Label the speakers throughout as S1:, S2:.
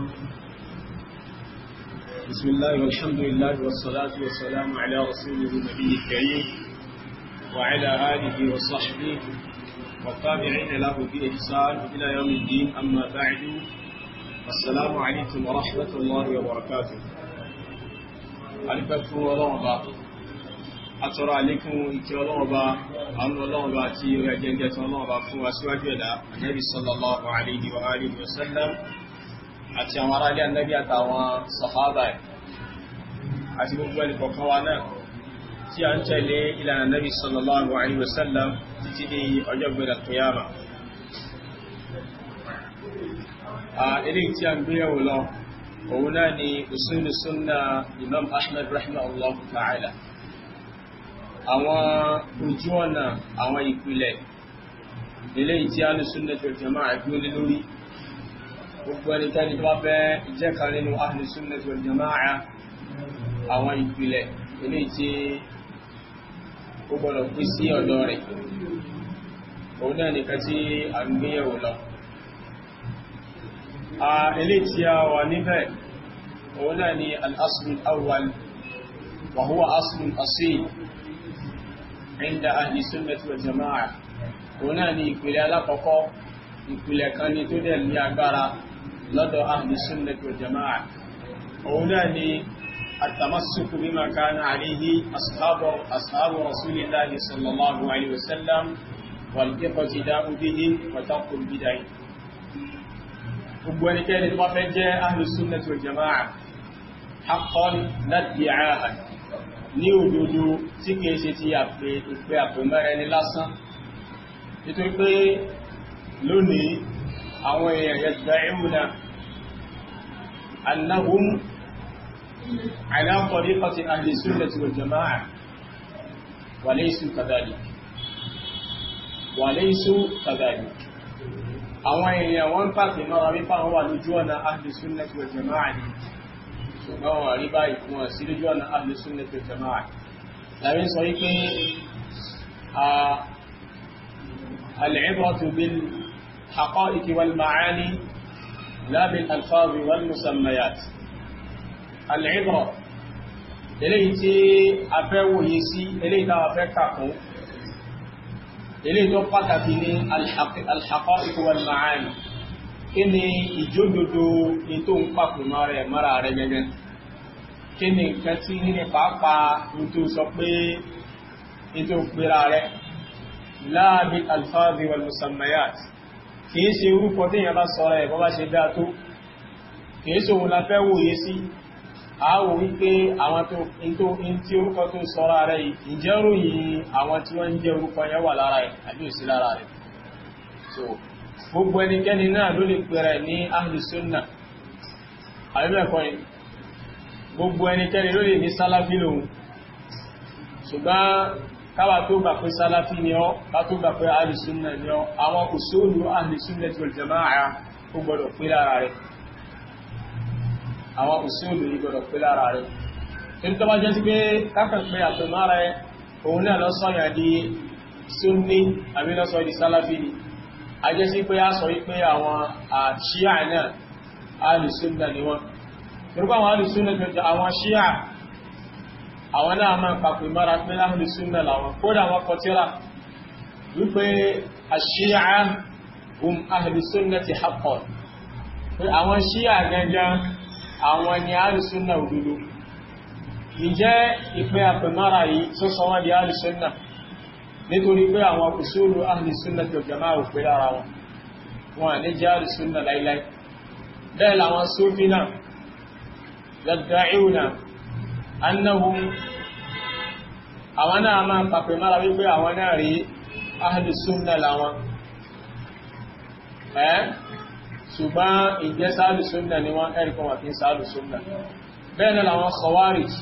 S1: والسلام بسم الله والحمد لله والصلاة والسلام على رسوله النبي الكريم وعلى آله وصحبه والتابعين له بإحسان إلى يوم الدين أما بعد السلام عليكم ورحمة الله وبركاته ألبكم ورغبة أترى عليكم إكرامة أن الله أتي وجنة الله فواسواجنا النبي صلى الله عليه وآله وسلم àti àwọn ará ilé ànábì àtàwọn sàhábà àti gbogbo ẹni kọ̀ọ̀kan wa náà tí a ń tẹ̀lé ìlànà ànábì sallallahu alaihi wasallam títí di ọjọ́ gbẹ̀rẹ̀ kìyàmà ilé tí a ń gbé yẹ̀wò lọ òun náà ni usulu sunna imam ahmed rahimahullah ta'ala àwọn ojú ọ̀nà àwọn ìpìlẹ̀ ilé tí a ní sunna tó jama'a ìpínlẹ̀ lórí gbogbo ẹnikẹ́ni tó bá fẹ́ jẹ́ kan nínú ahlu sunnah wal jamaa'ah àwọn ìpìlẹ̀ eléyìí tí ó gbọ́dọ̀ pín sí ọ̀dọ̀ rẹ̀ òun náà nìkan tí a ń gbéyẹ̀wò lọ eléyìí tí a wà níbẹ̀ òun náà ni al awwal wa huwa aslun asil inda ahli sunnah wal òun náà ni ìpìlẹ̀ alákọ̀ọ́kọ́ ìpìlẹ̀ kan ni tó dẹ̀ ní agbára lọ́dọ̀ ahlu sunnah wal jamaa'ah òun náà ni التمسك بما كان عليه أصحاب, أصحاب رسول الله صلى الله عليه وسلم والاقتداء بهم وترك البدع gbogbo ẹnikẹ́ni tó bá fẹ́ jẹ́ ahlùsúnnàtì òjàmáà haqqan ládìáhà ní òdodo tí kìí ṣe ti àpè ìpè àpè mẹ́rẹ lásán nítorí pé lónìí àwọn èèyàn yẹ̀sùdáìmùnà annahum ala tariqati ahli sunnati wal jama'a wa laysu kadhalik wa laysu kadhalik àwọn èèyàn wọ́n pàtàkì mọ́ra wípá wọ́n wà lójú ọ̀nà ahli sunnati wal jama'a ṣùgbọ́n wọ́n rí báyìí fún الحقائق والمعاني لا بالألفاظ والمسميات العبرة eléyìí tí a fẹ́ wòye sí eléyìí tí a fẹ́ kàkún eléyìí tó pàtàkì ní al-haqa'iq wal-ma'ani kí ni ìjódodo ètò ń pàkùnmọ́ rẹ̀ mọ́ra rẹ̀ gẹ́gẹ́ kí ni nǹkan tí ní pàápàá ní tó sọ pé ètò ìpera rẹ̀ la bil-alfazi wal-musammayat kìí ṣe orúkọ tí èyàn bá sọ́rọ̀ ẹ̀ bọ́bá ṣe dáa tó kìí ṣe òun la fẹ́ wòye sí àáwò wípé àwọn tó ń tí orúkọ tó sọ́rọ̀ rẹ̀ ìjẹ́ ròyìn àwọn tí wọ́n ń jẹ́ orúkọ yẹn wà lára ẹ̀ àbí òsí lára rẹ̀ so gbogbo ẹnikẹ́ni náà ló lè pẹ̀rẹ̀ ní ahlus àbíbẹ̀kọ́ ni gbogbo ẹnikẹ́ni ló lè ní sálàfí ṣùgbọ́n káwà tó gbà pé sálàfí ni ọ́ ká tó gbà pé alìsúnnà ni ọ́ àwọn òṣèlú alìsúnnà tí wọ́n jẹmọ́ àyà ó gbọ́dọ̀ pé lára rẹ̀ àwọn òṣèlú yìí gbọ́dọ̀ pé lára rẹ̀ torí tó bá jẹ́ sí pé kákan pé àtọ̀mára ẹ òun náà lọ́sọ̀yà di sunni àbí lọ́sọ̀ di sálàfí ni a jẹ́ àwọn náà máa papò ìmára pé láhùn súnmọ̀ làwọn kódà wọn kọ tíra wípé àṣíyà hum ahli sunnati haqqan pé àwọn ṣíyà gangan àwọn ni ahli sunna òdodo ǹjẹ́ ìpè àpèmára yìí tó sọ wọ́n di ahli sunna nítorí pé àwọn usulu ahli sunnati wal jamaa ò pé lára wọn wọn ní jẹ́ ahli sunna bẹ́ẹ̀ làwọn sófin náà annahum àwọn náà máa pàpẹ mára wípé àwọn náà rí ahlu sunna làwọn ẹ́ ṣùgbọ́n ìjẹ́ sáàlù sunna ni wọ́n ẹ̀rìkọ́ wà fi sáàlù sunna bẹ́ẹ̀ náà làwọn khawarij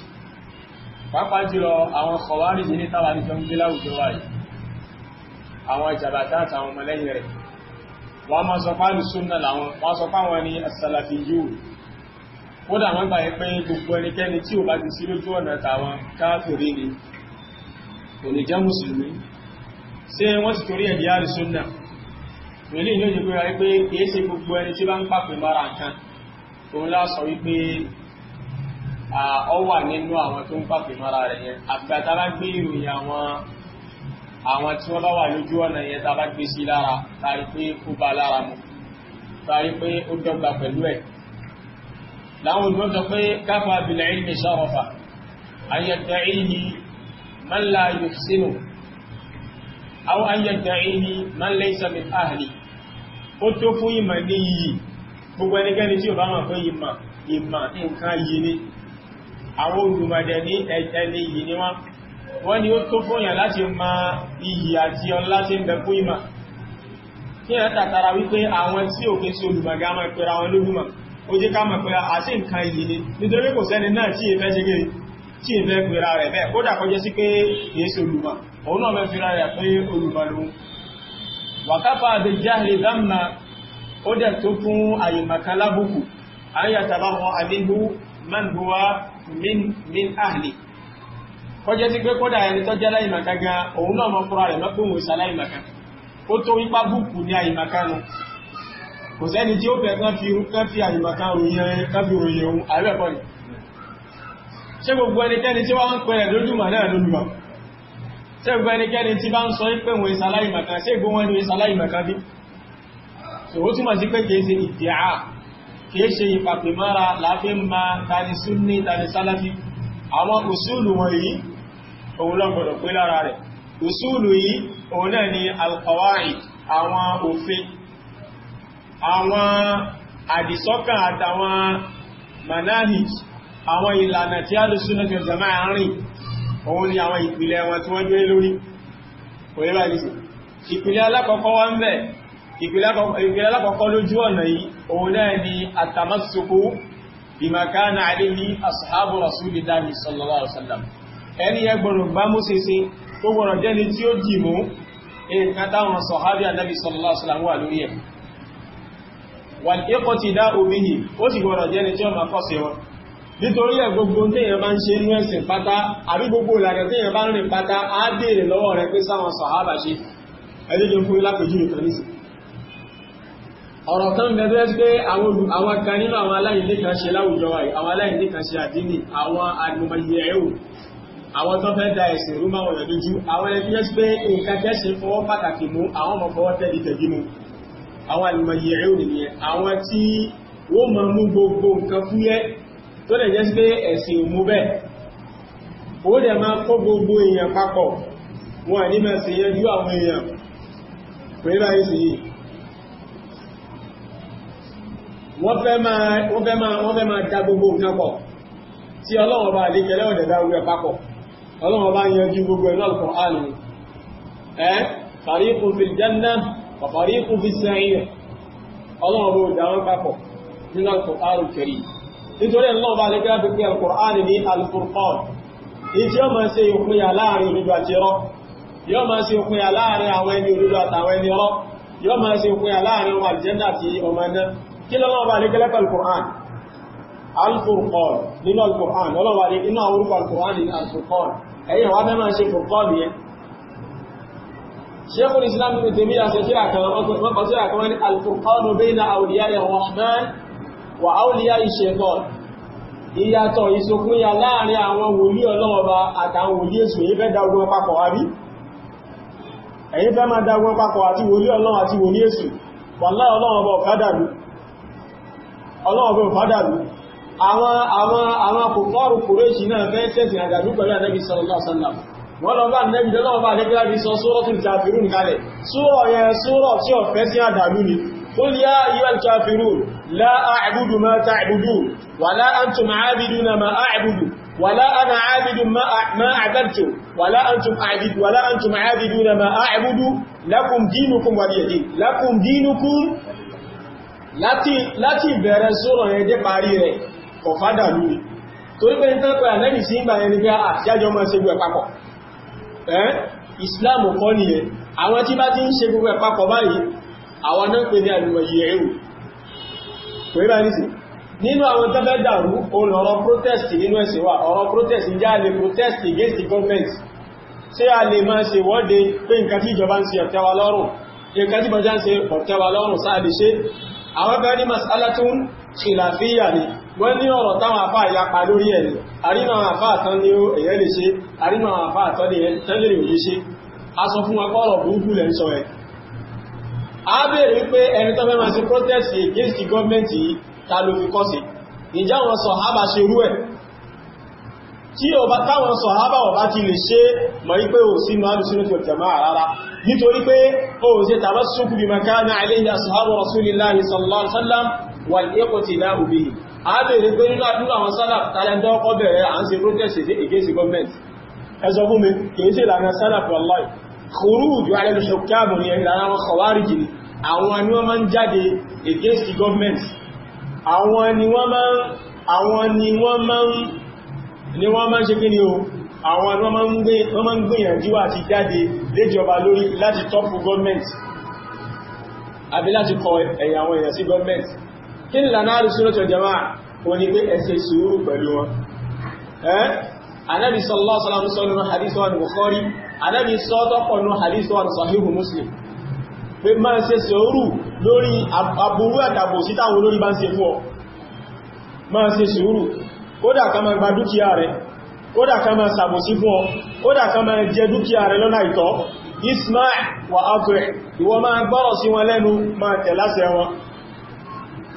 S1: pàápàá jùlọ àwọn khawarij ní tàbà ní jọm gílá òjò wáyé àwọn ìjàbàtà àtàwọn ọmọlẹ́yìn rẹ̀ wọ́n máa sọ pàálù làwọn wọ́n sọ pàwọn ní as kódà wọ́n gbà yẹ pé gbogbo ẹnikẹ́ni tí ò bá ti sí lójú ọ̀nà tàwọn káàkiri ni kò lè jẹ́ mùsùlùmí ṣé wọ́n ti torí ẹ̀dí àrísúnnà pẹ̀lú ìlú ìjọba rẹ̀ pé kìí ṣe gbogbo ẹni tí bá ń pàpẹ mara nǹkan òun lásọ wípé ọ wà nínú àwọn tó ń pàpẹ mara rẹ̀ yẹn àgbàtà bá gbé ìròyìn àwọn àwọn tí wọ́n bá wà lójú ọ̀nà yẹn tá bá gbé sí lára tàbí pé ó bá lára mu tàbí pé ó dọ́gba pẹ̀lú ẹ̀ láwọn olùgbọ́sọ pé káfà bìlẹ̀ ilmi sọ́rọ̀fà ayyàtẹ̀ ilmi mọ́lá yufsinu aw ayyàtẹ̀ ilmi mọ́lá isamin ahli ó tó fún ìmọ̀ ní yìí gbogbo ẹnikẹ́ni tí ò bá mọ̀ fún ìmọ̀ ìmọ̀ nǹkan yìí ni àwọn olùmọ̀dẹ̀ ní ẹni yìí ni wọ́n wọ́n ni ó tó fún ìyàn láti ma iyì àti ó jẹ́ ká mọ̀ pé àṣí nǹkan yìí ni nítorí kò sẹ́ni náà tí ìfẹ́ ṣe gẹ́rẹ́ tí ìfẹ́ pèrà rẹ̀ bẹ́ẹ̀ kódà kọjẹ́ sí pé èéṣe olùmọ̀ òun náà mẹ́fì rẹ̀ pé olùmọ̀ ó tó min ahli kọjẹ́ sí pé kódà ẹni tó jẹ́ láyìmàkan gan òun náà mọ́ fúnra ipá bùkù ní àyèmàkan náà kò sẹ́ni tí ó fẹ́ kán fi àyíbàká ròyìn kán fi ròyìn ohun àìbẹ̀kọ́ ni ṣe gbogbo ẹnikẹ́ni tí wọ́n ń pẹ̀rẹ̀ lójúmà náà lójúmà ṣe gbogbo ẹnikẹ́ni tí bá ń sọ pé wọn ìsàláìmàká ṣe gbogbo wọn ni ìsàláìmàká bí so ó túnmọ̀ sí pé kìí ṣe ìdíà ma tani súnni tani sáláfí àwọn òṣùlù wọn yìí òun lọ gbọdọ̀ pé lára rẹ̀ òṣùlù yìí òun àwọn òfin àwọn àdìsọ́kàn àtàwọn manahij àwọn ìlànà tí alùsùn náà jọ̀zàmá àárín òun ni àwọn ìpìlẹ̀ wọn tí wọ́n gbé lórí òyìnbá nìsí ìpìlẹ̀ alákọ̀ọ́kọ́ wọ́n bẹ̀ ìpìlẹ̀ alákọ̀ọ́kọ́ lójú ọ̀nà yìí òun ni tí ó dì mú nǹkan sọ̀hábí ànábì sallallahu alaihi wà lórí ẹ̀ wal iqtida'u bihi ó sì gbọ́dọ̀ jẹ́ni tí ó máa kọ́ sí wọn nítorí ẹ̀ gbogbo téèyàn bá ń ṣe inú ẹ̀sìn pátá àbí gbogbo ìlànà téèyàn bá ń rìn pátá á béèrè lọ́wọ́ rẹ̀ pé sáwọn sàhábà ṣe ẹjẹ́jọ fún ilápẹ̀jú nìkan nísì ọ̀rọ̀ kan bẹ̀rẹ̀ pé àwọn kan nínú àwọn aláìní kan ṣe láwùjọ wa àwọn aláìní kan ṣe àdínì àwọn àgbọmọye ẹ̀wò àwọn tó fẹ́ da ẹ̀sìn rú máwọn ọ̀yọ̀ lójú àwọn ẹbí ẹ́ pé nǹkan tẹ́sí fọwọ́ pàtàkì mú àwọn ọmọ fọwọ́ tẹ́lifẹ̀ bí mu àwọn alìmọ̀yẹ̀ ẹ̀rù nìyẹn àwọn tí wọ́n ma mú gbogbo nǹkan fúyẹ́ tó lè jẹ́ sí pé ẹ̀sìn òmú bẹ́ẹ̀ ó dẹ̀ máa kó gbogbo èèyàn papọ̀ wọn ní máa ṣe yẹn ju àwọn èèyàn pẹ̀lú ayé yìí wọ́n fẹ́ máa dá gbogbo nǹkan pọ̀ tí ọlọ́run bá lè kẹlẹ́ ọ̀dẹ̀dá orí papọ̀ ọlọ́run bá yanjú gbogbo ẹ̀ lọ́lọ́kọ̀ọ́ àlùmí ọ̀pọ̀rí kúfí sẹ́yìn ọlọ́run bó dáwọn papọ̀ nínú alkùnrin kẹrì nítorí ọlọ́run bá lè gẹ́gẹ́ pé alkùnrin ní alfurqan ní tí ó máa ṣe ìpínyà láàrin òdodo àti irọ́ yóò máa ṣe ìpínyà láàrin àwọn ẹni òdodo àtàwọn ẹni irọ́ yóò máa ṣe ìpínyà láàrin ọmọ àlìjẹ́ndà àti ọmọ ẹ̀dá kí lọ́lọ́run bá lè gẹ́gẹ́ pẹ̀lú alkùnrin alfurqan nínú ẹ̀yìn wá fẹ́ máa ṣe furqan yẹn Sheikhul Islam Ibn Taymiyyah ṣe tírà kan wọ́n kọ tírà kan wọ́n ní Al-Furqanu bayna awliya'i Rahman wa awliya'i Shaytan. Ìyàtọ̀ ìṣokúnya láàrin àwọn wòlíì ọlọ́mọba àtàwọn wòlíì èṣù èyí fẹ́ dáogun papọ̀ wá bí? Èyí fẹ́ máa dáogun papọ̀ àti wòlíì ọlọ́run àti wòlíì èṣù. Wallahi ọlọ́mọba ọ̀fádàlú. Ọlọ́mọba ọ̀fádàlú wọ́n lọ bá nẹ́bí lọ́wọ́ bá lẹ́gbẹ́ láti sọ suratul kafirun kalẹ̀ sura yẹn sura tí ó fẹ́ sí àdàlú ni qul ya ayyuhal kafirun la a'budu ma ta'budun wa la antum 'abiduna ma a'budu wa la ana 'abidu ma a'badtum wa la antum 'abiduna ma a'budu lakum dinukum waliyadin lakum dinukum láti bẹ̀rẹ̀ sura yẹn dé parí rẹ̀ kọ̀fádàlú ni torí pé ní tẹ́pẹ̀ àlẹ́bì ẹ́ eh? islam kọ́ nìyẹn àwọn tí bá ti ń ṣe gbogbo ẹ̀pápọ̀ báyìí àwọn náà pè ní àlùmọ̀yẹ ẹ̀rù kò rí bá ní sí nínú àwọn tẹ́fẹ́ dàrú òun ọ̀rọ̀ protest nínú ẹ̀sìn wa ọ̀rọ̀ protest jẹ́ àlè protest against the government ṣé a lè máa ṣe wọ́de pé nǹkan tí ìjọba ń ṣe ọ̀tẹ́ wa lọ́rùn nǹkan tí bọ́já ń ṣe ọ̀tẹ́ wa lọ́rùn sáà lè ṣe àwọn kan ní masalatun wọ́n ní ọ̀rọ̀ táwọn àfá ìyapa lórí ẹ̀ àrínà àfá àtán ní ó ẹ̀yẹ́ lè ṣe àrínà àfá àtán ní tẹ́lẹ̀ òye ṣe a sọ fún wọn kọ́rọ̀ burúkú lẹ́ sọ ẹ̀ a bèèrè wípé ẹni tó mẹ́ma sí protest against the government yìí ta ló fi kọ́ sí ìjá wọn sàhábà ṣe rú ẹ̀ tí táwọn sàhábà ọ̀bá ti lè ṣe mọ̀ wípé ò sínú alùsínú tó tẹ̀ máa rárá nítorí pé ó ṣe tàbá sókù bí makana alayhi ashabu rasulillahi sallallahu alaihi wasallam wal iqtida'u bihi àbèrè pé nínú àdúrà àwọn sálàf tààlẹ́ndọ́ ọkọ̀ bẹ̀rẹ̀ à ń ṣe protest against government ẹzọ fún mi kìí sí ìlànà sálàf wallahi khuruju ala al-hukkam ní ìlànà àwọn khawarij ni àwọn ni wọ́n máa ń jáde against government àwọn ni wọ́n máa ń ṣe kí ni o àwọn ni wọ́n máa ń gbìyànjú àti jáde léjọba lórí láti tọ́pù government àbí láti kọ ẹ̀yà àwọn èèyàn government kí ni lànà àrùsúnlọ́tọ̀ jama o ní pé ẹsẹ̀ sùúrù pẹ̀lú wọn ẹ́ anábi sallallahu alaihi wasallam sọ́nà hadith wa bukhari anábi sọ́tọ́pọ̀nà hadith wa sahihu muslim pé ma ṣe sùúrù lórí aburú àtàbò síta wọn lórí bá ń ṣe fún ọ ma ṣe sùúrù kódà ka ma gba dúkìá rẹ kódà ka ma ṣàbòsí fún ọ kódà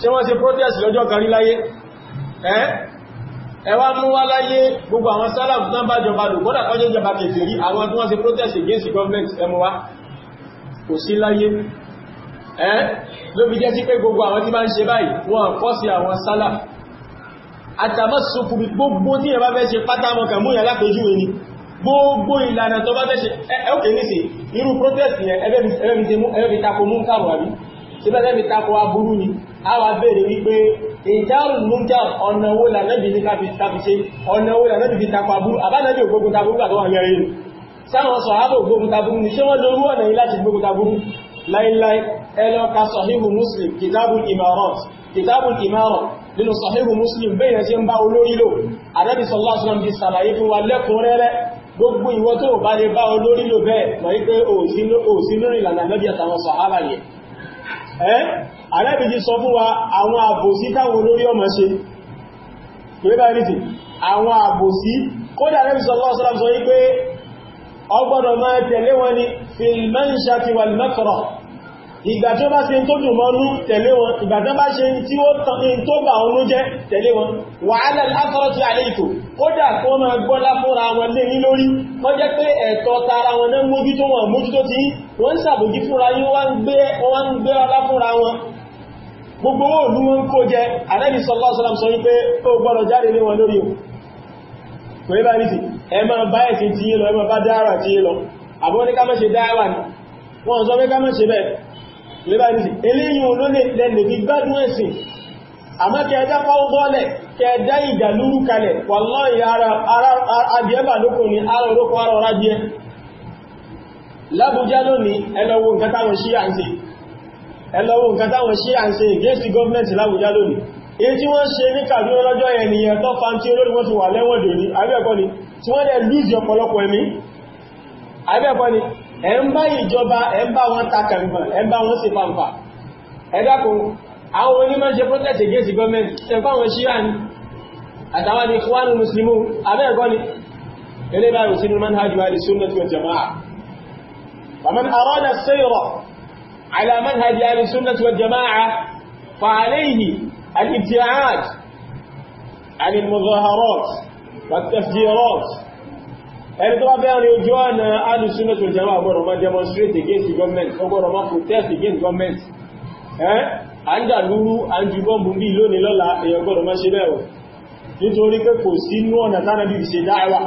S1: tí wọ́n ṣe protest lọ́jọ́ kan rí láyé ẹwà mú wá láyé gbogbo àwọn sálàmù náà bá jọba lò kódà kọjẹ́ ìjọba kẹfẹ́ rí àwọn tí wọ́n ṣe protest against government ẹmọ wá kò sí láyé ẹ́ ló fi jẹ́ sí pé gbogbo àwọn tí máa ń ṣe báyìí wọ́n kọ́ sí àwọn sálàmù àtàmọ́sọ̀kù gbogbo tí ẹ̀bá fẹ́ ṣe pátámọ̀ kàmú yà lápẹjú ẹni gbogbo ìlànà tó bá fẹ́ ṣe ẹ́ọ̀kẹ́ níṣe irú protest yẹn ẹgbẹ́ mi takò mú kàrò àbí ṣe bẹ́ẹ̀ mi takò aburú ni a wà bèèrè wípé ìjáàrù mújá ọ̀nà owó lànàbì ní káfíṣe ọ̀nà owó lànàbì fi takwabú àbánàbì ògbógun taburú àti wọ́n yẹrẹ ìlú sáwọn sọ̀hábà ògbógun taburú ní ṣe wọ́n lórú ọ̀nà yìí láti gbógun taburú láìláì ẹlọ́ka sọ̀híhù muslim kitabul imarat kitabul imarat nínú sọ̀híhù muslim bẹ́ẹ̀ ṣe ń bá olórí lò àdábì sallallahu alaihi wasallam bí sàlàyé fún wa lẹ́kùnrẹ́rẹ́ gbogbo ìwọ tó bá lè bá olórí alábìjì sọ fún wa àwọn àbòsí táwọn olórí ọmọ ṣe pẹ́bàrìtì àwọn àbòsí kódà lẹ́bí sọ lọ́wọ́ sọ́lọ́wọ́ sọ wípé ọgbọ́dọ̀ máa tẹ̀lé wọn ni filmanshati wal makra ìgbà tí ó bá ṣe tó dùn mọ́nú tẹ̀lé wọn ìgbà tí ó bá ṣe tí ó tàn tó bà ọnú jẹ́ tẹ̀lé wọn wà alẹ́láfọ́rọ̀ tí alẹ́ ìtò ó dà kó ma gbọ́ láfọ́ra wọn lé ní lórí wọ́n jẹ́ pé ẹ̀tọ́ tara wọn náà mójútó wọn mójútó ti wọ́n sàbòjí fúnra yí wọ́n gbé láfọ́ra wọn gbogbo òlú wọn kó jẹ Ànábì sallallahu alaihi wasallam sọ wípé ó gbọ́dọ̀ jáde lé wọn lórí o kò ní bá ní sí ẹ máa bá ẹ̀sìn tí yé wọ́n sọ pé ká má ṣe bẹ́ẹ̀ lébàáyìí eléyìn olóòlè lẹ́lẹ̀ fi gbádùn ẹ̀sìn àmá kí ẹjá pàwọ́ bọ́ọ̀lẹ̀ kí ẹjá ìjà lúrú kalẹ̀ wàláhì ara ara ọ̀rá díẹ̀ lábújá lónìí ẹlọ́wọ́ nǹkan táwọn ṣí à ń ṣe ẹlọ́wọ́ nǹkan táwọn ṣí à ń ṣe gẹ́ẹ̀sì gọ́ọ̀mẹ́ntì lábújá lónìí èyí tí wọ́n ṣe ní Kaduna lọ́jọ́ ẹniyàn tó fa tí olórin wọ́n ti wà lẹ́wọ̀n dòní abẹ́ẹ̀kọ́ ni tí wọ́n lẹ́ lùzì ọ̀pọ̀lọpọ̀ ẹ̀mí abẹ́ẹ̀kọ́ ni ẹ ń bá ìjọba ẹ ń bá wọn takàrìmọ̀ ẹ ń bá wọn sí pàǹpà ẹ̀dàkùn àwọn onímọ̀ ṣe protest against government ṣẹ̀fà wọn ṣíyà ní àtàwọn ní kwanu muslimu abẹ́ẹ̀kọ́ ni ilé sínú manhaj wa sunnah jama'a أراد السير على منهج السنة والجماعة فعليه الابتعاد عن المظاهرات والتفجيرات ẹni tó wá bẹ́ẹ̀ rin ojú ọ̀nà alùsùnà jẹmọ́ àgbọ̀rọ̀ demonstrate against the government ọgbọ̀rọ̀ máa protest against government ẹ́ àńdàlúrú àńjúbọ́mbù bí lónìí lọ́la èèyàn gbọ́dọ̀ máa ṣe bẹ́ẹ̀ nítorí pé kò sí inú ọ̀nà tánàbí ṣe dáẹwà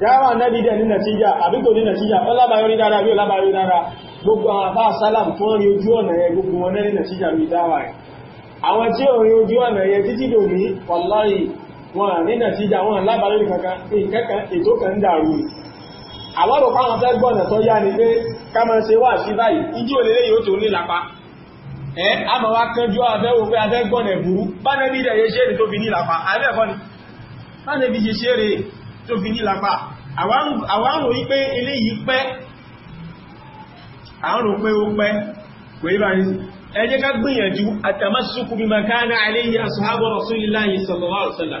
S1: dáẹwà náàbí dẹ̀ ní nàtíjà àbí kò ní nàtíjà ọlábàárí dára bí ọlábàárí dára gbogbo àwọn àbá sálàm tó ń rí ojú ọ̀nà yẹ gbogbo wọn náà ní nàtíjà ní dáwà rẹ̀ àwọn tí ò rí ojú ọ̀nà yẹ títí dòní wàláyìí wọn nina sí ìjà wọn a kankan nǹkankan ètò kan dàrú àwárò káwọn fẹ́ gbọ́nà tó yá ni pé ká ṣe wà sí báyìí ìdí òlélé yóò tó nílapa ẹ a máa wá kánjú afẹ́wò pé afẹ́ gbọ́nà ìbúrú bá nẹ́bí ìdẹ̀ yẹ ṣe rí tó fi nilapa. àbẹ́ẹ̀kọ́ ni bá nẹ́bí ṣe ṣe rí fi nílapa àwárò yí pé eléyìí pẹ́ àárò pé ní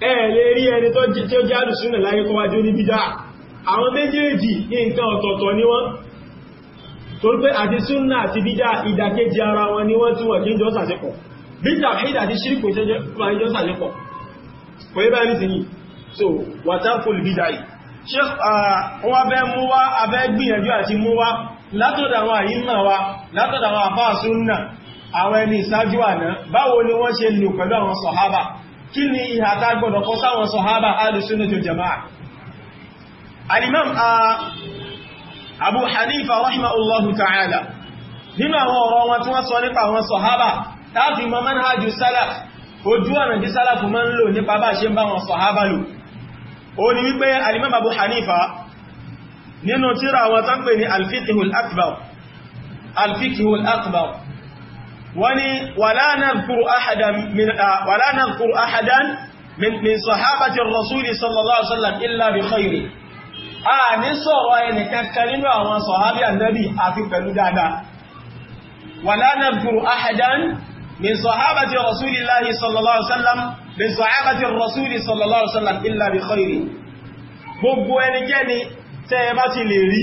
S1: ẹ̀ẹ̀lẹ́ rí ẹni tó jẹ́ alùsúnà láyé kọ́ wájú ní bídá àwọn méjèèjì nǹkan ọ̀tọ̀ọ̀tọ̀ ni wọ́n torí pé àti súnà àti bídá ìdàkejì ara wọn ni wọ́n tí wọ́n kí ń jọ sàṣepọ̀ bídá ìdà àti ṣíríkù ìjọ sàṣepọ̀ kò yẹ báyìí so wàtàfòlù bídá yìí ṣe wọ́n bẹ́ mú wá abẹ́ gbìyànjú àti mú wá látọ̀dà àwọn àyíma wa látọ̀dà àwọn àfáà súnà àwọn ẹni ìsájú kí ni ìhà tá gbọ́dọ̀ kọ sáwọn sọ̀hábà alùsúnnàtò jama'a alimam a abu hanifa rahimahullahu ta'ala nínú àwọn ọ̀rọ̀ wọn tí wọ́n sọ nípa àwọn sọ̀hábà tàbí mọ́ manhajjú salaf ojú ọ̀nà tí salaf máa ń lò nípa bá ṣe bá wọn sọ̀hábà lò wani wala nadhkuru ahadan min ah, wala nadhkuru ahadan min min sahabati ar-rasul sallallahu alaihi wasallam illa bi khairi a ní sọ̀rọ̀ ẹni kankan nínú àwọn sahabi annabi àfi pẹ̀lú dáadáa wala nadhkuru ahadan min sahabati ar sallallahu alaihi illa bi khairi gbogbo ẹnikẹ́ni tẹ́ bá ti lè rí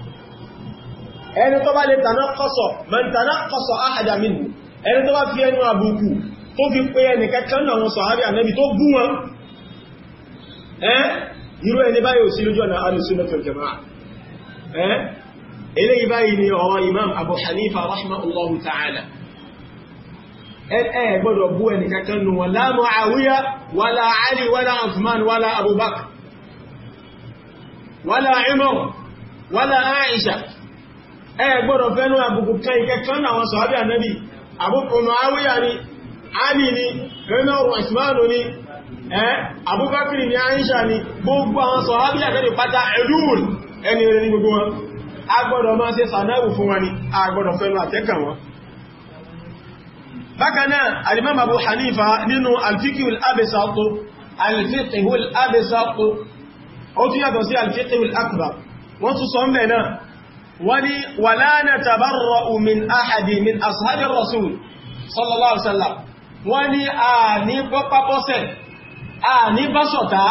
S1: ẹni tó bá lè tànákọ́sọ̀ man tànákọ́sọ̀ ahada minhu ẹni tó bá fi ẹnu àbùkù tó fi pé ẹni kẹ́kẹ́ náà wọn sọ̀hárí ànẹ́bì tó gún wọn ẹ́ irú ẹni báyìí ò sí lójú ọ̀nà alùsùnmọ̀tò jama'a ẹ́ eléyìí báyìí ni ọ̀rọ̀ imam abu hanifa rahimahullahu ta'ala ẹ gbọ́dọ̀ bú ẹni kankan ẹ gbọ́dọ̀ fẹ́nu àbùkù kan ìkẹ́kọ́ àwọn sọ̀hábí ànábì àbúkù mọ̀háwíyà ni Ali ni rẹ́nà Osmanu ni Abubakar ni Aisha ni gbogbo àwọn sọ̀hábí ànábì pátá ẹ̀dùn ẹni rẹ̀ ní gbogbo wọn a gbọ́dọ̀ máa ṣe sànáwù fún wọn ni a gbọ́dọ̀ fẹ́nu àtẹ́kà wọn bákanáà Al-Imam Abu Hanifa nínú alfikihul abesato alfikihul abesato ó tún yàtọ̀ wani wala natabarra'u min ahadi min ashabi rasul sallallahu alaihi wasallam wani a ní bọ́pá bọ́sẹ̀ a ní bá sọ̀tá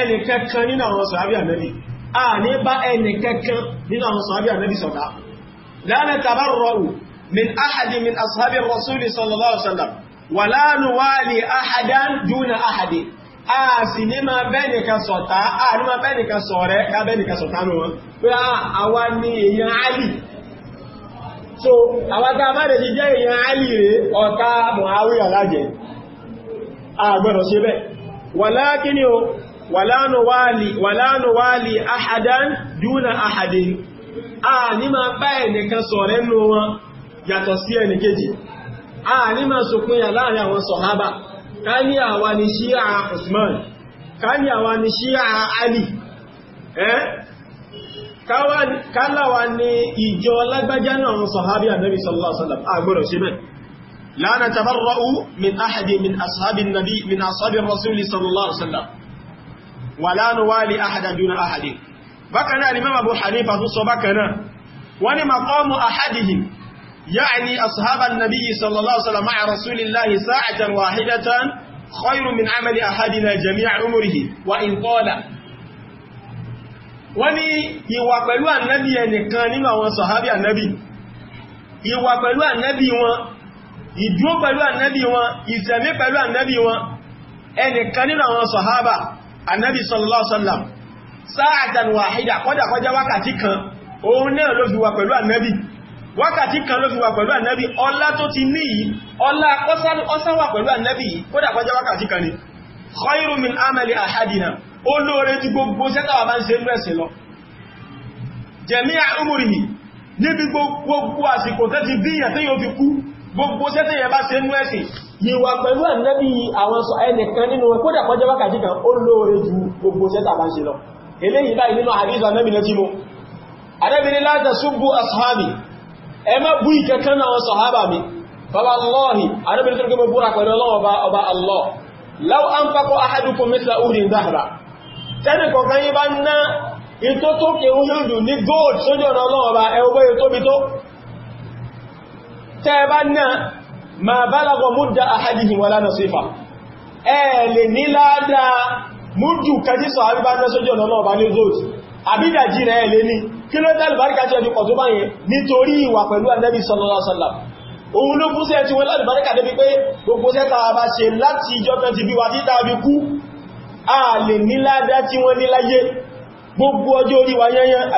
S1: ẹni kẹ́kẹ́ nínú àwọn sọ̀hábí ànẹ́bí a ní bá ẹni kẹ́kẹ́ nínú àwọn sọ̀hábí ànẹ́bí sọ̀tá la natabarra'u min ahadi min ashabi rasul sallallahu alaihi wasallam nuwali ahadan duna ahadi a sì ní máa bẹ́nìkan sọ̀tá a ní máa bẹ́nìkan sọ̀rẹ́ ká bẹ́nìkan sọ̀tá ní wọn pé àwa ni èèyàn alì so àwa tá a bá dẹ̀ ti jẹ́ èèyàn alì rẹ̀ ọ̀tá Muawiya lájẹ́ a gbọ́dọ̀ ṣe bẹ́ẹ̀ wàlákíní ahadan dúnà ahadin a ní máa bá ẹnìkan sọ̀rẹ́ nínú wọn yàtọ̀ sí ẹnìkejì a ní máa ká ní àwa ni ṣíà Usman ká ní àwa ni ṣíà Ali ẹ́ káláwa ni ìjọ lágbájá náà wọn sọ̀hábí ànábì sallallahu alaihi wasallam agbọ́rọ̀ sí mẹ́ la natabarra'u min ahadi min ashabi nabi min ashabi rasuli sallallahu alaihi wasallam wa la nuwali ahadan duna ahadin يعني أصحاب النبي صلى الله عليه وسلم مع رسول الله ساعة واحدة خير من عمل أحدنا جميع عمره وإن طال wọ́n ní ìwà pẹ̀lú ànábì ẹnìkan nínú àwọn sọ̀hábí ànábì ìwà pẹ̀lú ànábì wọn ìdúró pẹ̀lú ànábì wọn ìsẹ̀mí pẹ̀lú ànábì wọn ẹnìkan nínú àwọn sọ̀hábà ànábì sallallahu alaihi wasallam sáàtàn wàhídà kọ́dàkọ́já wákàtí kan òun náà ló fi wà pẹ̀lú ànábì wákàtí kan ló fi wà pẹ̀lú ànábì ọlá tó ti ní yìí ọlá ọsán wà pẹ̀lú ànábì yìí kódà kọjá wákàtí kan ni khairu min amali ahadina ó lóore ju gbogbo sẹ́tàwà máa ń ṣe mẹ́sìn lọ jẹ̀míà umurihi níbi gbogbo àsìkò tẹ́ ti bí ìyàn tí yóò fi kú gbogbo sẹ́tẹ̀ yẹn bá ṣe mẹ́sìn ìwà pẹ̀lú ànábì àwọn ẹnìkan nínú wọn kódà kọjá wákàtí kan ó lóore ju gbogbo sẹ́tàwà ń ṣe ẹ má bú ìkẹ́kẹ́ náà wọn sọ̀hábà mi bàbá lọ́ọ̀hì arábìnrin tó gbogbo búra pẹ̀lú ọlọ́ọ̀bá ọba allọ́ láwọ́ an fàkọ́ ahadukum mithla uhudin zahra tẹ́nì kọ̀kan yí bá ná ìtó tó kè uhudu ní gold sójú ọ̀nà ọlọ́ọ̀bá ẹwọ́ yóò tóbi tó tẹ́ bá ná ma balagọ àbídàjí rẹ̀ lè ní kí ló tàbí baríkà tí ọdún pọ̀tó báyẹn nítorí ìwà pẹ̀lú Ànábì sallallahu alaihi wasallam òun ló fún sẹ́ tí wọ́n láti baríkà débi pé gbogbo sẹ́ tàà bá ṣe láti ìjọ kan ti bí wa títà bí kú a lè níládá tí wọ́n níláyé gbogbo ọjọ́ orí wa yẹnyẹn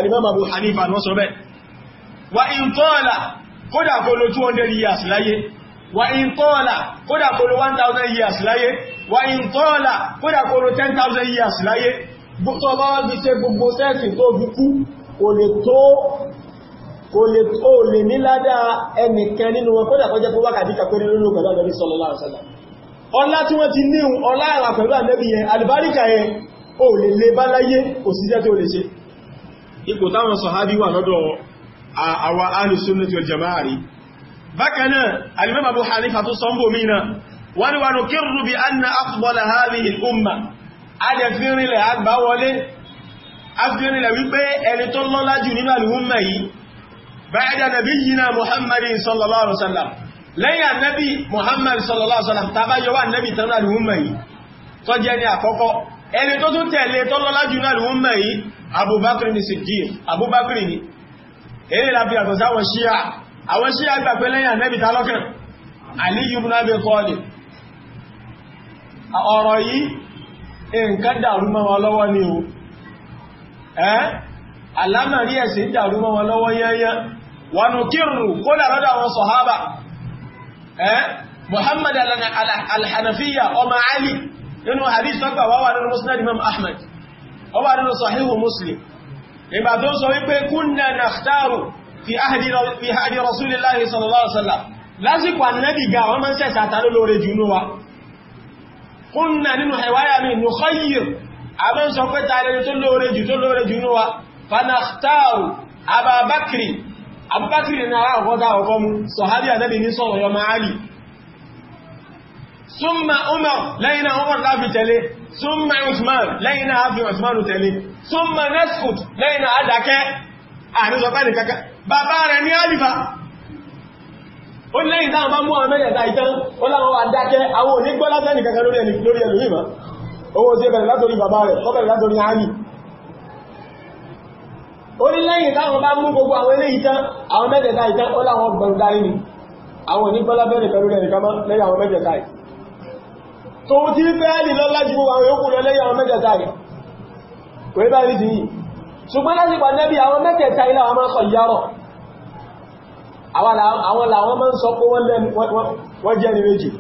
S1: 200 years láyé wa in tọ́ọ̀lá kódà kó 1000 years láyé wa in tọ́ọ̀lá kódà kó 10000 years láyé tó bá wọ́n fi ṣe gbogbo sẹ́ẹ̀sì tó fi kú kò lè tó kò lè tó lè ní ládá ẹnìkan nínú wọn kódà kọjá pé wákàtí kàkórí lórí pẹ̀lú ànábì sallallahu alaihi wasallam ọlá tí wọ́n ti ní ọlá ẹ̀wà pẹ̀lú ànábì yẹn alìbáríkà yẹn ó lè lè bá láyé kò sí jẹ́ tó lè adẹ̀fínrinlẹ̀ agbáwọlé afínrinlẹ̀ wípé ẹni tó lọ́lá jù nínú alìhúnmà yìí ba'da nabiyyina muhammadin sallallahu alaihi wasallam lẹ́yìn annabi muhammad sallallahu alaihi wasallam tàbá yọwà annabi tánú alìhúnmà yìí tó jẹ́ ní àkọ́kọ́ ẹni tó tún tẹ̀lé tó lọ́lá jù nínú alìhúnmà yìí abubakar ni siddiq abubakar ni èyí lábí àtọ̀sá àwọn ṣíyà àwọn ṣíyà gbà ọ̀rọ̀ yìí nǹkan dàrú mọ́ wọn lọ́wọ́ ni o ẹ́ alámàrí ẹ̀sìn dàrú mọ́ wọn lọ́wọ́ yẹ́yẹ́ wọnù kírù kó làrọ́dọ̀ àwọn sọ̀hábà ẹ́ Muhammad al-Hanafiya ọmọ Ali nínú hadith tọ́gbà wà wà nínú Musnad Imam Ahmad ó wà nínú Sahihu Muslim ìgbà tó sọ wípé kunna nakhtaru fi ahdi Rasulillahi sallallahu alaihi wasallam lásìkò annabi ga wọ́n mọ́ kúnnà nínú ẹ̀wáyà mi nùkọ́yìr àmọ́ sọ pé tààrẹ tó lóore jù tó lóore jù níwa fanaktaru ababakiri abubakiri ní ara ọ̀gọ́dá ọ̀gọ́ mú sọ̀hábí ànábì ní sọ̀rọ̀ yọ máa rí súnmà umar lẹ́yìn náà umar láfi tẹ̀lé súnmà usman lẹ́yìn náà hafi usman tẹ̀lé súnmà nesfut lẹ́yìn náà adakẹ́ àrísọpẹ́ nìkankan bàbá rẹ̀ ní alifa ó lẹ́yìn táwọn bá mú àwọn mẹ́rẹ̀ta ìtàn ó láwọn adákẹ́ àwọn onígbọ́ látẹ́nì kankan lórí ẹni lórí ẹlùmí ma owó tí ó bẹ̀rẹ̀ látorí bàbá rẹ̀ ó bẹ̀rẹ̀ látorí ààrí ó ní lẹ́yìn táwọn bá mú gbogbo àwọn ilé ìtàn àwọn mẹ́rẹ̀ta ìtàn ó láwọn gbọ̀ndarí ni àwọn onígbọ́ látẹ́nì kankan lórí ẹni kan lẹ́yìn àwọn mẹ́rẹ̀ta ì tó ti fẹ́ẹ̀lì lọ́lá ju àwọn yòókù lọ lẹ́yìn àwọn àwọn làwọn máa ń sọ pé wọ́n jẹ́ ní méjì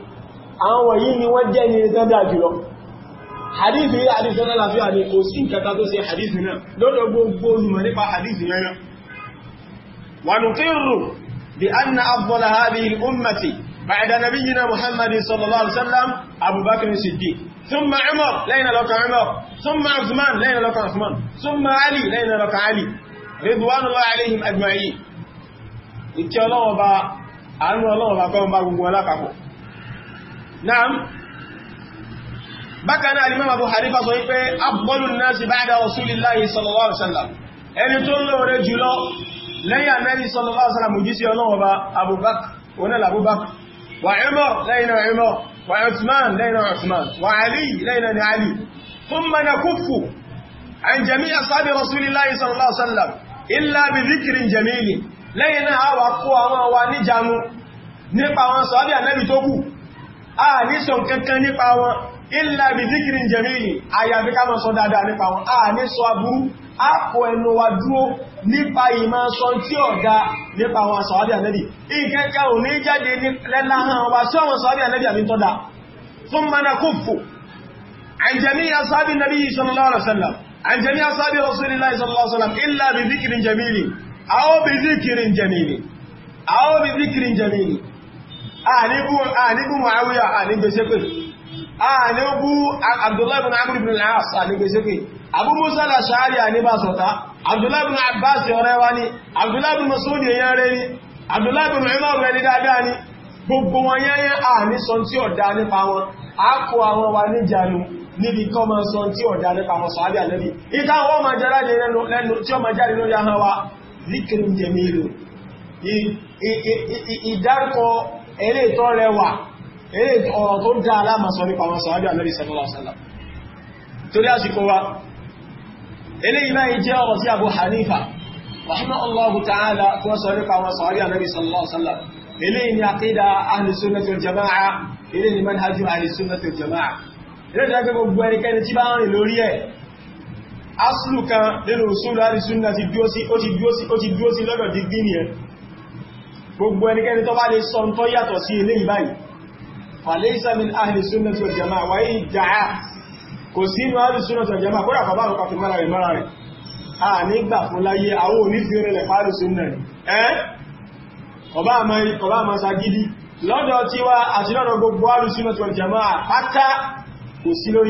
S1: àwọn wọ̀nyí ni wọ́n jẹ́ ní dáadáa jùlọ hadith yìí hadith náà láfíà ni kò sí ìkẹta tó ṣe hadith náà lọ́dọ̀ gbogbo olùmọ̀ nípa hadith náà wà nùkírù bí an na afdala hadhihi al-ummati بعد نبينا محمد صلى الله عليه وسلم أبو بكر الصديق ثم عمر لين لك عمر ثم عثمان لين لك عثمان ثم علي لين لك علي رضوان الله عليهم أجمعين ìkẹ́ ọlọ́wọ́ bá àánú ọlọ́wọ́ bá kọ́ bá gbogbo alápapọ̀ náà bákanáà Imam Abu Hanifa sọ wípé afdalun nasi ba'da Rasulillahi sallallahu alaihi wasallam ẹni tó lóore الله lẹ́yìn Ànábì sallallahu alaihi wasallam òjíṣẹ́ ọlọ́wọ́ bá Abu Bakr onílà Abu Bakr wa Umar lẹ́yìn Umar wa Uthman lẹ́yìn Uthman wa Ali lẹ́yìn Ali thumma nakuffu an jami'i ashabi lẹ́yìn náà àwà kó àwọn wa níjànú nípa wọn sọ́bí ànẹ́bì tó kù a ní sọ kankan nípa wọn illa bi zikirin jamili àyàfi ká máa sọ dáadáa nípa wọn a ní sọ aburú a kò ẹnu wa dúró nípa ìmọ̀ sọ tí ọ̀gá nípa wọn sọ́bí ànẹ́bì ìkẹ́kẹ́ ò ní jáde lẹ́láhàn wa sí ọmọ sọ́bí ànẹ́bì àmì tọ́da fún mana kúfù عن جميع أصحاب النبي صلى الله عليه àwọn bí zikirin jamili àwọn bí zikirin jamili àníbú ma'áwíyà ànígbèsẹ́pè àníbú abdullahi bin amr bin al-as ànígbèsẹ́pè abu musa da ṣàárì sota, abdullahi bin abbas ọ̀rẹ́ wa ni abdullahi bin masudi èyàn rẹ̀ ni abdullahi bin umar rẹ̀ ni dáadáa ni gbogbo wọn yẹ́yẹ́ àní sọ tí ọ̀dá nípa wọn a kó àwọn wa ní jànú níbi kọ́ ma sọ tí ọ̀dá nípa wọn sọ zikirin jẹmílò ìdárúkọ eré tó rẹwà eré ọ̀rọ̀ tó dá alámasọ nípa wọn sàájú àlẹ́rí sẹ́lọ́sẹ́lá torí àsìkò wa eré iná ìjẹ́ ọ̀rọ̀ sí Abu Hanifa rahimahullahu ta'ala tó sọ nípa wọn aslu kan nínú usulu ahlu sunnah ti dúó sí ó ti dúó sí ó ti dúó sí lọ́dọ̀ di gíní ẹ gbogbo ẹnikẹ́ni tó bá lè sọ tó yàtọ̀ sí eléyìí báyìí falaysa min ahli sunnah wal jamaa wáyé ìdáa kò sí inú ahlu sunnah wal jamaa kó ràpàá bárò kàfí mara rẹ̀ mara rẹ̀ a nígbà fún láyé àwọn onífẹ́rẹ̀ lẹ̀ fáàlù sunnah kò sí lórí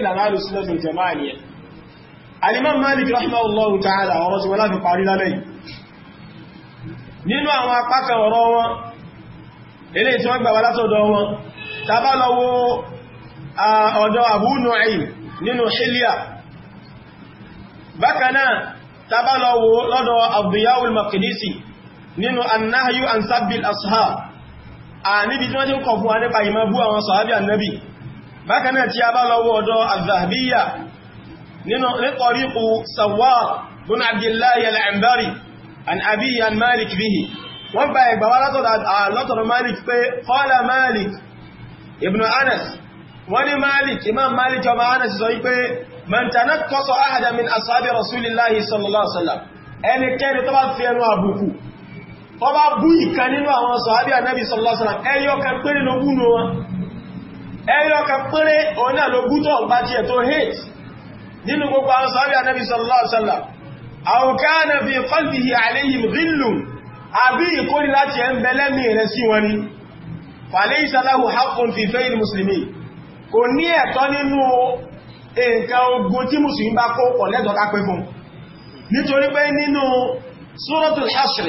S1: ìlànà ahlu sunnah wal jamaa nìyẹn alimam malik rahimahullahu ta'ala ọ̀rọ̀ tí wọ́n láti parí lálẹ́ nínú àwọn apákan ọ̀rọ̀ wọn eléyìí tí wọ́n gbà wá látọ̀dọ̀ wọn tàbá lọ́wọ́ ọ̀dọ̀ abu nu'aym nínú hilya bákanáà tàbá lọ́wọ́ lọ́dọ̀ abdiyawul maqdisi nínú annahyu an sabbil ashab a níbi tí wọ́n ti نطريق سوار بن عبد الله العنبري عن أبي عن مالك به وبا يبوا لطر مالك قال مالك ابن أنس وني مالك إمام مالك وما أنس زيبه من تنقص أحدا من أصحاب رسول الله صلى الله عليه وسلم أن كان طبعا في أنواع بوكو طبعا بوي كان إنواع صحابي النبي صلى الله عليه وسلم أيوة كان قرن أبونا أيوة كان قرن أنا لبوتو باتية تو هيت nínú gbogbo àwọn sàábí ànábì sallallahu alaihi wasallam aw kana fi qalbihi alayhim ghillun àbí ìkórí láti ẹ̀ ń bẹ̀lẹ́mì rẹ̀ sí wọn ni falaysa lahu haqqun fi fayl muslimin kò ní ẹ̀tọ́ nínú nǹkan ogun tí musulmi bá kó pọ̀ lẹ́tọ̀ọ́ ká pín fún nítorí pé nínú suratul hashr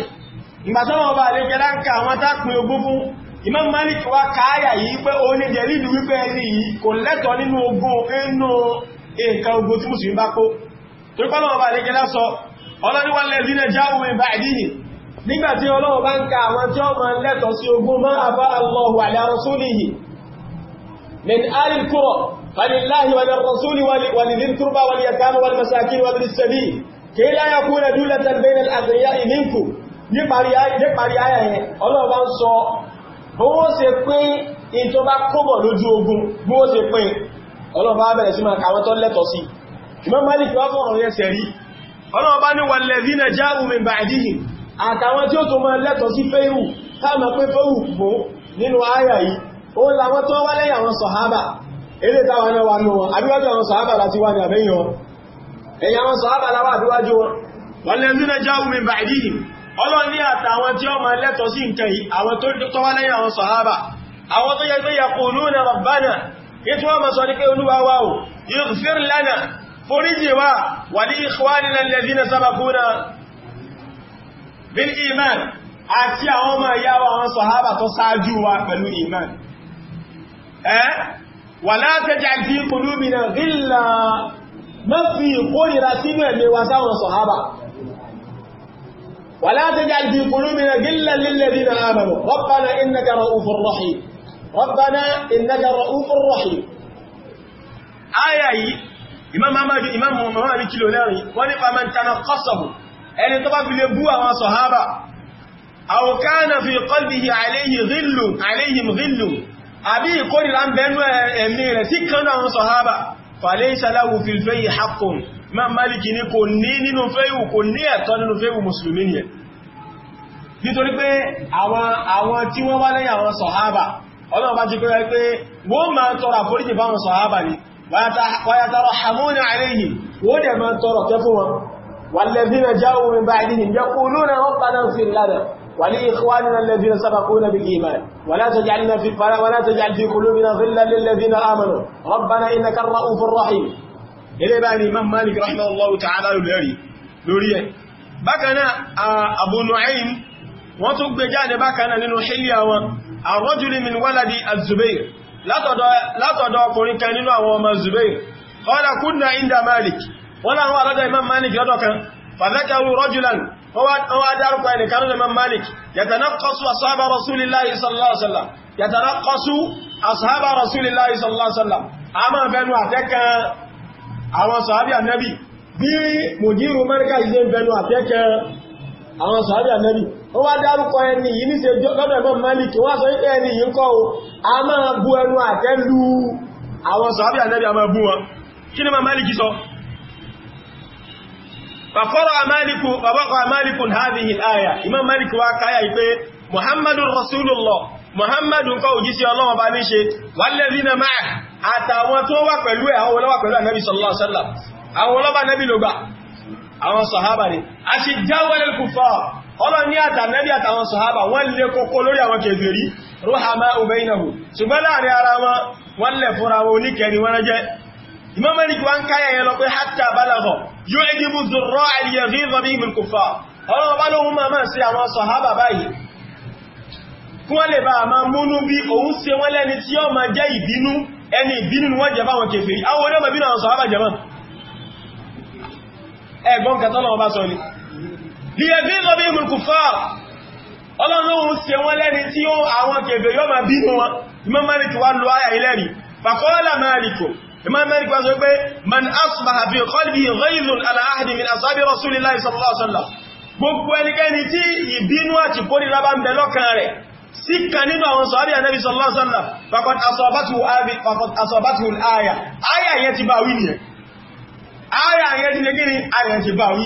S1: Malik wá káyà yìí pé ó ní wípé ẹni yìí kò lẹ́tọ̀ọ́ nínú ogun inú nǹkan ogun tí mùsùlùmí bá kó tó pẹ́ lọ́wọ́ bá lè gẹ́lá sọ ọlọ́niwà lẹ́zínà jáwùmí bá ìdíyìn nígbàtí ọlọ́wọ́ bá ń ka àwọn tí ó ma ń lẹ́tọ̀ sí ogun máa àbá Allahu ala rasulihi min alil qura falillahi wa lirrasuli wa lidhil qurba wal yatama wal masakin wa ibnis sabil kay la yakuna dulatan bayna al aghniya'i minkum ní bá ń kóbọ̀ lójú ogun bó ṣe pín ọlọ́run bá bẹ̀rẹ̀ sí máa kàwọn tó lẹ́tọ̀ sí Imam Malik wá fọ́rọ̀ yẹn sẹ̀rí ọlọ́run bá ní walladhina ja'u min ba'dihim àtàwọn tí ó tó máa lẹ́tọ̀ sí fẹ́rù táàmà pé fẹ́rù pò nínú àyà yìí ó láwọn tó wá lẹ́yìn àwọn sọ̀hábà ilé táwọn náà wà nù wọn àbíwájú àwọn sọ̀hábà láti wá ní àbẹ́yìn wọn ẹ̀yìn àwọn sọ̀hábà láwà àbíwájú wọn walladhina ja'u min ba'dihim ọlọ́run ní àtàwọn tí ó máa lẹ́tọ̀ sí nǹkan yìí àwọn tó àwọn sọ̀hábà àwọn tó yẹ pé yaquluna rabbana ètò wọn sọ ní pé olúwa wa o ighfir lana foríjì wa wà ní ikhwanina alladhina sabaquna bil iman àti àwọn ọmọ ìyá wa àwọn sọ̀hábà tó sáájú wa pẹ̀lú iman ẹ́ wà látẹ́jà fi qulubina ghilla mọ́ fi ìkórìíra sínú ولا تجعل في قلوبنا غلا للذين آمنوا ربنا إنك رؤوف رحيم ربنا إنك رؤوف رحيم آية إمام محمد إمام محمد كيلو لاري وني فمن تنقصه أن تبقى في لبوة وصحابة أو كان في قلبه عليه غل عليهم غل أبي يقول الآن بأنه أمير سكرنا وصحابة فليس له في الفي حق ما مالك نكو نيني نفيه كنية تنين نفيه مسلمين nítorí pé àwọn tí wọ́n wá lẹ́yìn àwọn sọ̀hábà ọlọ́run bá ti kọ́ pé wọ́n máa tọrọ àforíjì fáwọn sọ̀hábà ni wáyátàrọ hamúnà àríyìn wọ́n dẹ̀ máa tọrọ kẹ fún wọn wàlẹ́bínà jáwò min bá ìdíni yẹ kúlú na rọ́pàdà fi lánà wàlí ìkwánina lẹ́bínà sábàkú na bil iman wàlá ta jàlina fi fara wàlá ta jàl fi kúlú bina zilla lẹ́bínà amanu wọ́n tún gbé jáde bákanáà nínú hílíà wọn àrọ́júlé min wálàdí azubair látọ̀dọ̀ ọkùnrin kan nínú àwọn ọmọ zubair qala kunna inda malik wọ́n láwọn alọ́dọ̀ imam malik lọ́dọ̀ kan fàzẹ́kẹ̀rù rọ́júlan wọ́n wá dárúkọ ẹnìkan nínú imam malik yàtànákọ́sù asáàbà rasulillahi sallallahu alaihi wasallam yàtànákọ́sù asáàbà rasulillahi sallallahu alaihi wasallam a máa fẹnu àtẹ́kẹ́ àwọn sàábì ànẹ́bì bí mùdírù mẹ́ríkà ìzẹ́ fẹnu àtẹ́kẹ́ àwọn sàábì ànẹ́bì ó wá dárúkọ ẹni yìí ní ṣe lọ́dọ̀ ẹgbọ́n malik wọ́n sọ wípé ẹni yìí ń kọ́ o a máa bú ẹnu àtẹ́ lú àwọn sọ̀hábí ànẹ́bí a máa bú wọn kí ni ma malik sọ fàfọ́rọ̀ àmálikù fàfọ́rọ̀ àmálikù hadhihi al-aya imam malik wá káyà ìpé muhammadun rasulullah muhammadun kọ́ òjísí ọlọ́wọ́ bá ní ṣe walladhina máa àtàwọn tó wà pẹ̀lú ẹ̀ àwọn olówà sọ̀hábà ni a ṣe jáwọ́lẹ̀ kùfà ọlọ́ni àtànẹ́bí àtàwọn sọ̀hábà wọ́n lè kókó lórí àwọn kèfèrí rúhàmá obainahu ṣùgbọ́n láàrin ara wọn wọ́n lè fúnra wọn oníkẹni wọ́n jẹ́ ìmọ́mẹ́rin wọ́n káyà yẹn lọ pé hátà bálàgọ̀ yóò ẹgbẹ́ a máa múnú bí òun ṣe wọ́n lẹ́ni tí yóò máa jẹ́ ìbínú ẹni ìbínú wọ́n bá lìyẹ̀bí lọ́bí ìmùkùfà ọlọ́run ṣe wọ́n lẹ́ni tí ó àwọn kèbè yọ́ ma bínú wọn Imam Malik wá lọ ayà ilẹ́rì fàkọ́ọ́lá Maliku Imam Malik wá sọ pé man asbaha fi qalbihi ghaizun ala ahadin min ashabi rasulillahi sallallahu alaihi wasallam gbogbo ẹnikẹ́ni aya yẹn ti bá wí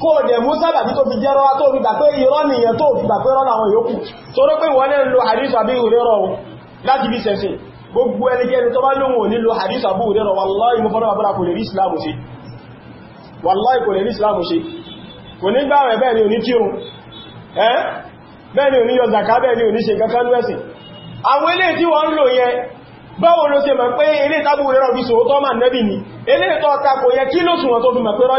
S1: kó ọ̀dẹ̀ mú sábàbí tó fi jẹ́rọ tó fi gbàgbé irọ́ nìyàn tó fi gbàgbé rọ́ àwọn yòókù tó rọ́ pé wọ́n lẹ́nu lo hadith àbí ìrẹ́rọ̀ láti bí sẹ̀sìn gbogbo ẹnikẹ́ni tó bá lóhun ò nílò wallahi mo fọ́nà islamu ṣe wallahi kò islamu ṣe kò ní gbà rẹ̀ bẹ́ẹ̀ ni òní kírun ẹ́ bẹ́ẹ̀ ni òní yọ zaka bẹ́ẹ̀ ni òní ṣe kankan lẹ́sìn àwọn ilé tí wọ́n ń lò yẹn báwo ló ṣe mọ̀ pé ilé tábù rẹ̀ rọ̀ fi nẹ́bì ni ilé tó takò yẹ kí ló sùn tó fi mọ̀ pé rọ́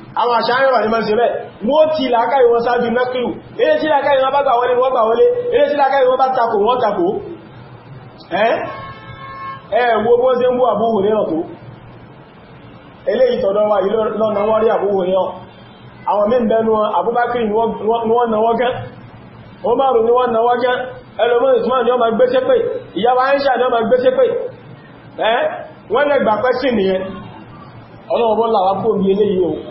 S1: àwọn àṣáyẹ̀rọ̀ ní máa ṣe bẹ́ wọ́n ti làákàí wọn sáájú mẹ́kìlù eré tí làákàí wọn bá gbà wọlé wọ́n gbà wọlé eré tí làákàí wọn bá takò wọ́n takò ẹ́ wo bó ṣe ń bú wa ni wọ́n náwọ́ gán Umaru ni ni wọ́n máa gbéṣẹ́ pé ìyàwó ni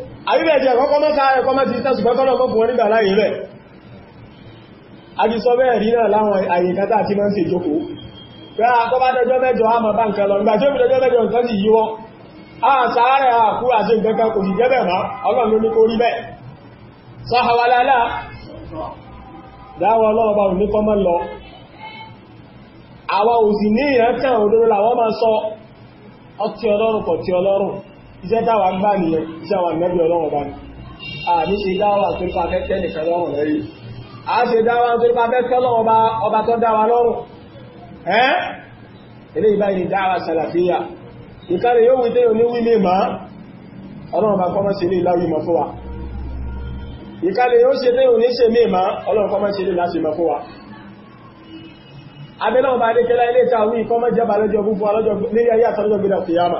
S1: àríbẹ̀ẹ̀jẹ̀ kọ́kọ́ mọ́ta ẹ̀kọ́ mọ́ ti tẹ́sùgbẹ́kọ́lọ̀ mọ́kùnrin nígbà láyé rẹ̀ a ti sọ bẹ́ẹ̀ rí náà láwọn àyíkátà tí máa ń ṣe ìjókòó pé àkọ́bá dẹjọ́ mẹ́jọ a máa bá nǹkan lọ nígbà tí ó fi dẹjọ́ mẹ́jọ nǹkan sì yíwọ́ a sàárẹ̀ àkú àti nǹkan kan kò sì jẹ́ bẹ̀rẹ̀ ọlọ́run ní kó rí bẹ́ẹ̀ sọ́hawalálá dáwọ́ ọlọ́run bá ní kọ́mọ́ lọ àwọn òsì ní iṣẹ́ táwa ń gbà nìyẹn iṣẹ́ àwọn àmẹ́bí ọlọ́run bá ní àmì ṣe dáwà tó bá fẹ́ tẹ́ nìkan lọ́rùn lẹ́yìn a ṣe dáwà tó bá fẹ́ tẹ́ ọba tó dáwà lọ́rùn ẹ́ ilé ìbáyìí ni dáwà sàlàfíà ìkàrẹ̀ yóò wíté òní wílé ma ọlọ́run bá kọ́mọ́ sí ilé ìláwí mọ̀ fún wa yóò ṣe òní ṣe ma ọlọ́run kọ́mọ́ mọ̀ fún wa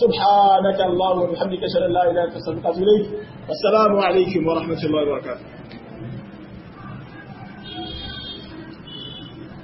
S1: سبحانك اللهم وبحمدك اشهد ان لا اله الا انت استغفرك واتوب اليك والسلام عليكم ورحمه الله وبركاته